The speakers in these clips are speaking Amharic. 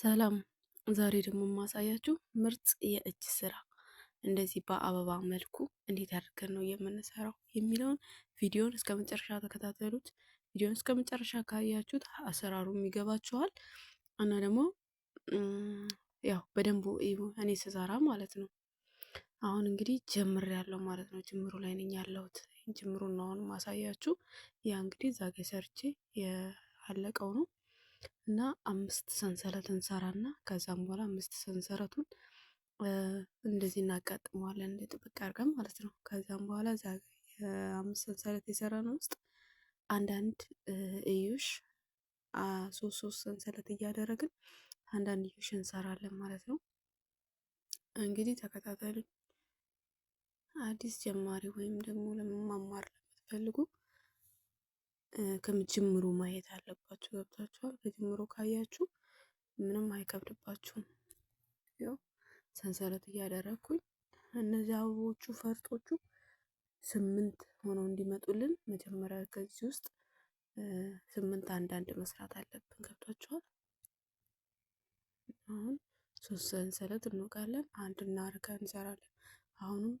ሰላም ዛሬ ደግሞ የማሳያችሁ ምርጥ የእጅ ስራ እንደዚህ በአበባ መልኩ እንዴት አድርገን ነው የምንሰራው የሚለውን ቪዲዮን እስከ መጨረሻ ተከታተሉት። ቪዲዮን እስከ መጨረሻ ካያችሁት አሰራሩ ይገባችኋል እና ደግሞ ያው በደንቡ እኔ ስሰራ ማለት ነው። አሁን እንግዲህ ጀምር ያለው ማለት ነው። ጅምሩ ላይ ነኝ ያለሁት። ጅምሩን ነው አሁን ማሳያችሁ። ያ እንግዲህ ዛጌ ሰርቼ ያለቀው ነው እና አምስት ሰንሰለት እንሰራና ከዛም በኋላ አምስት ሰንሰለቱን እንደዚህ እናጋጥመዋለን እንደ ጥብቅ አድርገን ማለት ነው። ከዛም በኋላ እዛ አምስት ሰንሰለት የሰራነው ውስጥ አንዳንድ እዩሽ ሶስት ሶስት ሰንሰለት እያደረግን አንዳንድ እዩሽ እንሰራለን ማለት ነው። እንግዲህ ተከታተሉ። አዲስ ጀማሪ ወይም ደግሞ ለመማማር ለምትፈልጉ ከጅምሩ ማየት አለባችሁ። ገብታችኋል? ከጅምሩ ካያችሁ ምንም አይከብድባችሁም። ያው ሰንሰለት እያደረግኩኝ እነዚህ አበቦቹ ፈርጦቹ ስምንት ሆነው እንዲመጡልን መጀመሪያ ከዚህ ውስጥ ስምንት አንዳንድ መስራት አለብን። ገብታችኋል? አሁን ሶስት ሰንሰለት እንወቃለን። አንድ እናርገን እንሰራለን። አሁንም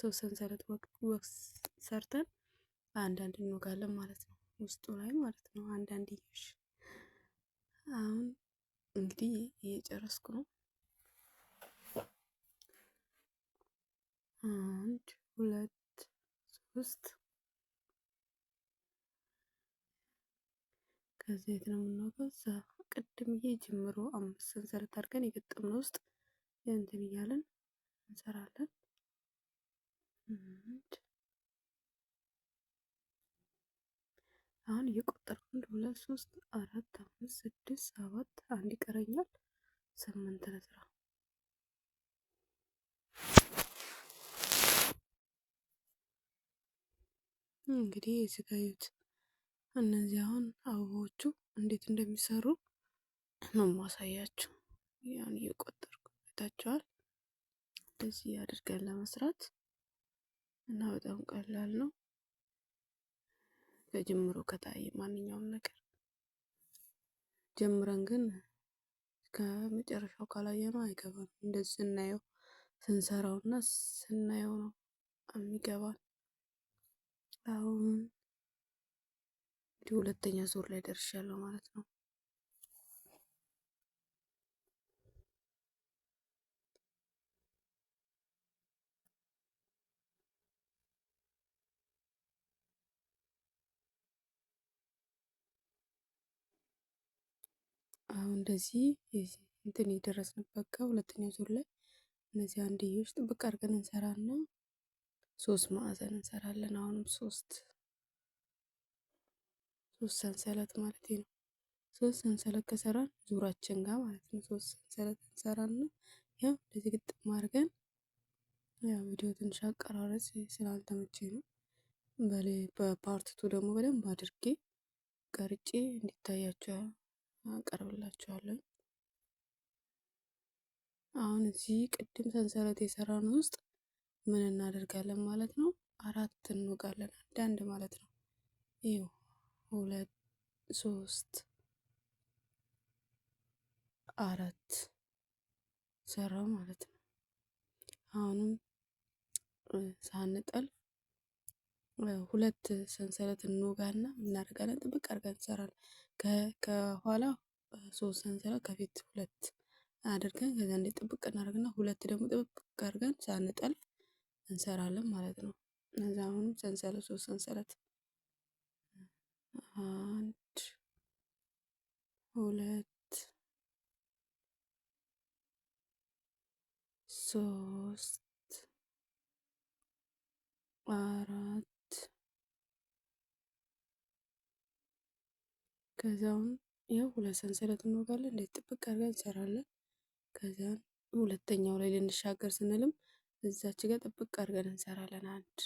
ሶስት ሰንሰለት ወቅት ሰርተን አንዳንድ እንወጋለን ማለት ነው። ውስጡ ላይ ማለት ነው። አንዳንድ ልጆች አሁን እንግዲህ እየጨረስኩ ነው። አንድ ሁለት ሶስት። ከዚህ የት ነው የምንወጣው? እዛ ቅድም ይሄ ጀምሮ አምስት ሰንሰለት አድርገን የገጠምነው ውስጥ እንትን እያለን እንሰራለን። አሁን እየቆጠርኩ አንድ ሁለት ሶስት አራት አምስት ስድስት ሰባት አንድ ይቀረኛል። ስምንት ለስራ እንግዲህ የዘጋዩት እነዚህ አሁን አበባዎቹ እንዴት እንደሚሰሩ ነው ማሳያችሁ። ያን እየቆጠርኩ ታችኋል። እንደዚህ አድርገን ለመስራት እና በጣም ቀላል ነው። ከጅምሮ ከታየ ማንኛውም ነገር ጀምረን ግን ከመጨረሻው ካላየ ነው አይገባም። እንደዚህ ስናየው ስንሰራው እና ስናየው ነው የሚገባን። አሁን እንግዲህ ሁለተኛ ዙር ላይ ደርሻለሁ ማለት ነው። እንደዚህ እንትን የደረስንበት ጋ ሁለተኛው ዙር ላይ እነዚህ አንድዮች ጥብቅ አድርገን እንሰራና ሶስት ማዕዘን እንሰራለን። አሁንም ሶስት ሶስት ሰንሰለት ማለት ነው። ሶስት ሰንሰለት ከሰራን ዙራችን ጋር ማለት ነው። ሶስት ሰንሰለት እንሰራና ያው እንደዚህ ግጥም አድርገን ያው ቪዲዮ ትንሽ አቀራረጽ ስላልተመቼ ነው። በፓርት ቱ ደግሞ በደንብ አድርጌ ቀርጬ እንዲታያቸው አቀርብላችኋለሁ። አሁን እዚህ ቅድም ሰንሰለት የሰራን ውስጥ ምን እናደርጋለን ማለት ነው? አራት እንወጋለን አንዳንድ ማለት ነው። ይኸው ሁለት፣ ሶስት፣ አራት ሰራው ማለት ነው። አሁንም ሳንጠልፍ ሁለት ሰንሰለት እንወጋና እናደርጋለን። ጥብቅ አድርገን እንሰራለን። ከኋላ ሶስት ሰንሰለት ከፊት ሁለት አድርገን ከዛ እንደ ጥብቅ እናደርግና ሁለት ደግሞ ጥብቅ አድርገን ሳንጠልፍ እንሰራለን ማለት ነው። እዛ አሁን ሰንሰለት ሶስት ሰንሰለት አንድ ሁለት ሶስት አራት ከዛውን ያው ሁለት ሰንሰለት እንወጋለን። እንዴት ጥብቅ አድርገን እንሰራለን። ከዛን ሁለተኛው ላይ ልንሻገር ስንልም እዛች ጋር ጥብቅ አድርገን እንሰራለን። አንድ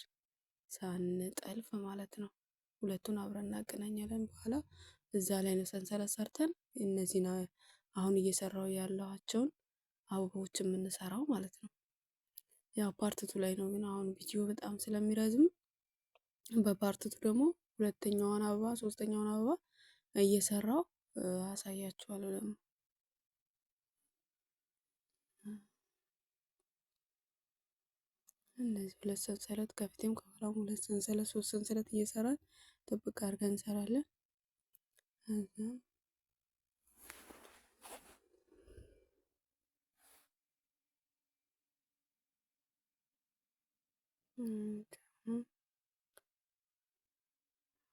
ሳንጠልፍ ማለት ነው። ሁለቱን አብረን እናገናኛለን። በኋላ እዛ ላይ ነው ሰንሰለት ሰርተን እነዚህን አሁን እየሰራው ያለኋቸውን አበቦች የምንሰራው ማለት ነው። ያው ፓርትቱ ላይ ነው ግን አሁን ቪዲዮ በጣም ስለሚረዝም በፓርትቱ ደግሞ ሁለተኛዋን አበባ ሶስተኛውን አበባ እየሰራው አሳያችኋለሁ ደግሞ እነዚህ ሁለት ሰንሰለት ከፊትም ከኋላም ሁለት ሰንሰለት ሶስት ሰንሰለት እየሰራን ጥብቅ አድርገን እንሰራለን።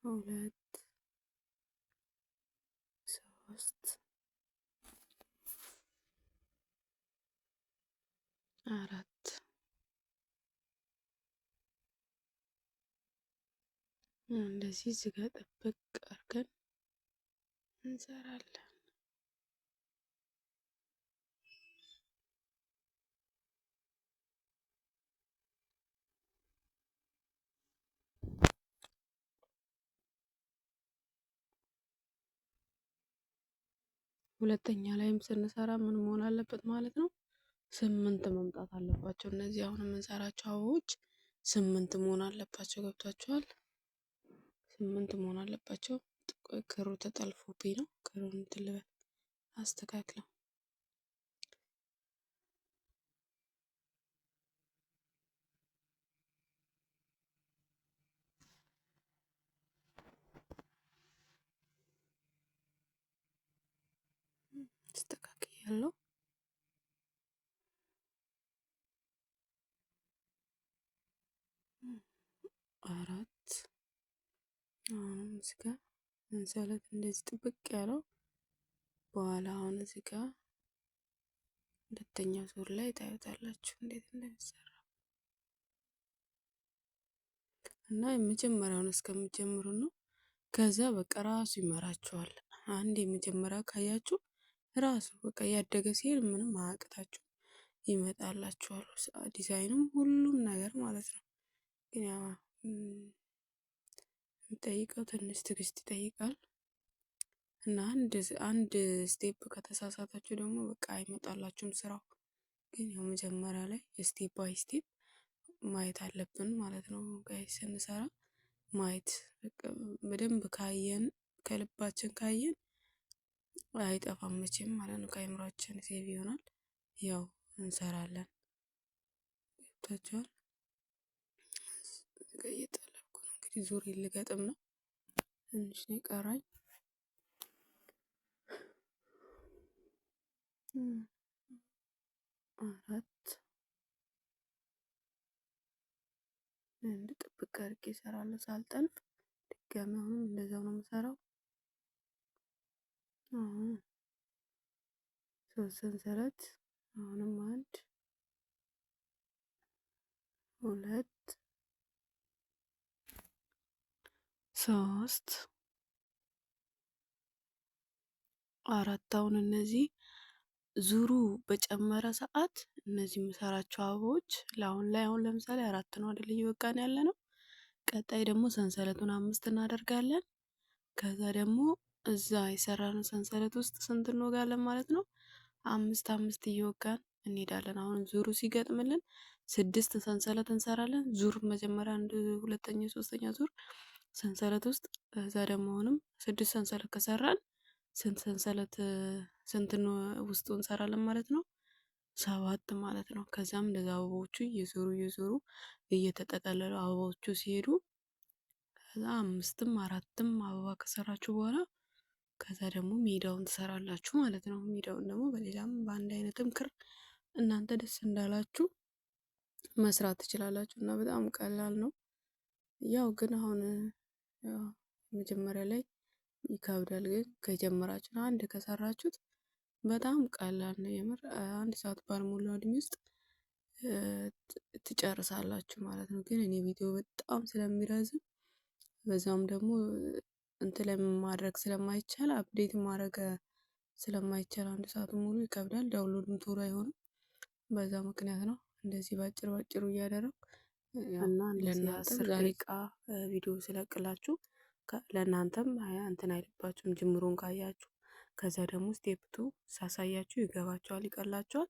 ሁለት አራት እንደዚህ ዝጋ ጥብቅ አድርገን እንሰራለን። ሁለተኛ ላይም ስንሰራ ምን መሆን አለበት ማለት ነው ስምንት መምጣት አለባቸው። እነዚህ አሁን የምንሰራቸው አበቦች ስምንት መሆን አለባቸው። ገብቷቸዋል። ስምንት መሆን አለባቸው። ክሩ ተጠልፎብኝ ነው። ክሩን እንትን ልበል አስተካክለው። አስተካክያለሁ። አራት አሁንም እዚጋ ሰንሰለት እንደዚህ ጥብቅ ያለው በኋላ አሁን እዚጋ ሁለተኛው ዙር ላይ ታዩታላችሁ እንዴት እንደሚሰራ እና የመጀመሪያውን እስከምጀምሩ ነው። ከዛ በቃ ራሱ ይመራችኋል። አንድ የመጀመሪያ ካያችሁ ራሱ በቃ እያደገ ሲሄድ ምንም አያቅታችሁ ይመጣላችኋል። ዲዛይኑም ሁሉም ነገር ማለት ነው ግን የሚጠይቀው ትንሽ ትዕግስት ይጠይቃል እና አንድ አንድ ስቴፕ ከተሳሳታችሁ ደግሞ በቃ አይመጣላችሁም ስራው። ግን ያው መጀመሪያ ላይ ስቴፕ ባይ ስቴፕ ማየት አለብን ማለት ነው። ጋይ ስንሰራ ማየት በደንብ ካየን ከልባችን ካየን አይጠፋም መቼም ማለት ነው። ከአይምሯችን ሴቭ ይሆናል። ያው እንሰራለን። ገብቷችኋል? ጋር እየጠለብኩ ነው። እንግዲህ ዙሬ ልገጥም ነው። ትንሽ ነው የቀራኝ። አራት አንድ ጥብቅ አድርጌ እሰራለሁ ሳልጠልፍ። ድጋሚ አሁንም እንደዛው ነው የምሰራው። አሁን ሶስት ሰንሰለት አሁንም አንድ ሁለት ሶስት አራት አሁን እነዚህ ዙሩ በጨመረ ሰዓት እነዚህ የምሰራቸው አበቦች ለአሁን ላይ አሁን ለምሳሌ አራት ነው አደለ እየበቃን ያለ ነው። ቀጣይ ደግሞ ሰንሰለቱን አምስት እናደርጋለን። ከዛ ደግሞ እዛ የሰራነው ሰንሰለት ውስጥ ስንት እንወጋለን ማለት ነው? አምስት አምስት እየወጋን እንሄዳለን። አሁን ዙሩ ሲገጥምልን ስድስት ሰንሰለት እንሰራለን። ዙር መጀመሪያ አንድ፣ ሁለተኛ፣ ሶስተኛ ዙር ሰንሰለት ውስጥ ከዛ ደግሞ አሁንም ስድስት ሰንሰለት ከሰራን ስንት ሰንሰለት ስንት ውስጡ እንሰራለን ማለት ነው? ሰባት ማለት ነው። ከዛም እንደዚ አበባዎቹ እየዞሩ እየዞሩ እየተጠቀለሉ አበባዎቹ ሲሄዱ ከዛ አምስትም አራትም አበባ ከሰራችሁ በኋላ ከዛ ደግሞ ሜዳውን ትሰራላችሁ ማለት ነው። ሜዳውን ደግሞ በሌላም በአንድ አይነትም ክር እናንተ ደስ እንዳላችሁ መስራት ትችላላችሁ እና በጣም ቀላል ነው። ያው ግን አሁን መጀመሪያ ላይ ይከብዳል፣ ግን ከጀመራችሁ አንድ ከሰራችሁት በጣም ቀላል ነው። የምር አንድ ሰዓት ባልሞላ እድሜ ውስጥ ትጨርሳላችሁ ማለት ነው። ግን እኔ ቪዲዮ በጣም ስለሚረዝም በዛም ደግሞ እንትን ላይ ማድረግ ስለማይቻል አፕዴት ማድረግ ስለማይቻል አንድ ሰዓት ሙሉ ይከብዳል። ዳውንሎድም ቶሎ አይሆንም። በዛ ምክንያት ነው እንደዚህ ባጭር ባጭሩ እያደረ እና ለእናንተም ዛሬ ቃ ቪዲዮ ስለቅላችሁ ለእናንተም እንትን አይልባችሁም። ጅምሩን ካያችሁ ከዛ ደግሞ ስቴፕቱ ሳሳያችሁ ይገባችኋል፣ ይቀላችኋል።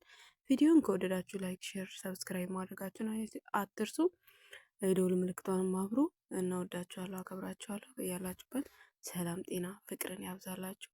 ቪዲዮን ከወደዳችሁ ላይክ፣ ሼር፣ ሰብስክራይብ ማድረጋችሁን አትርሱ። የደውል ምልክቷን ማብሩ። እናወዳችኋለሁ፣ አከብራችኋለሁ። እያላችሁበት ሰላም፣ ጤና፣ ፍቅርን ያብዛላችሁ።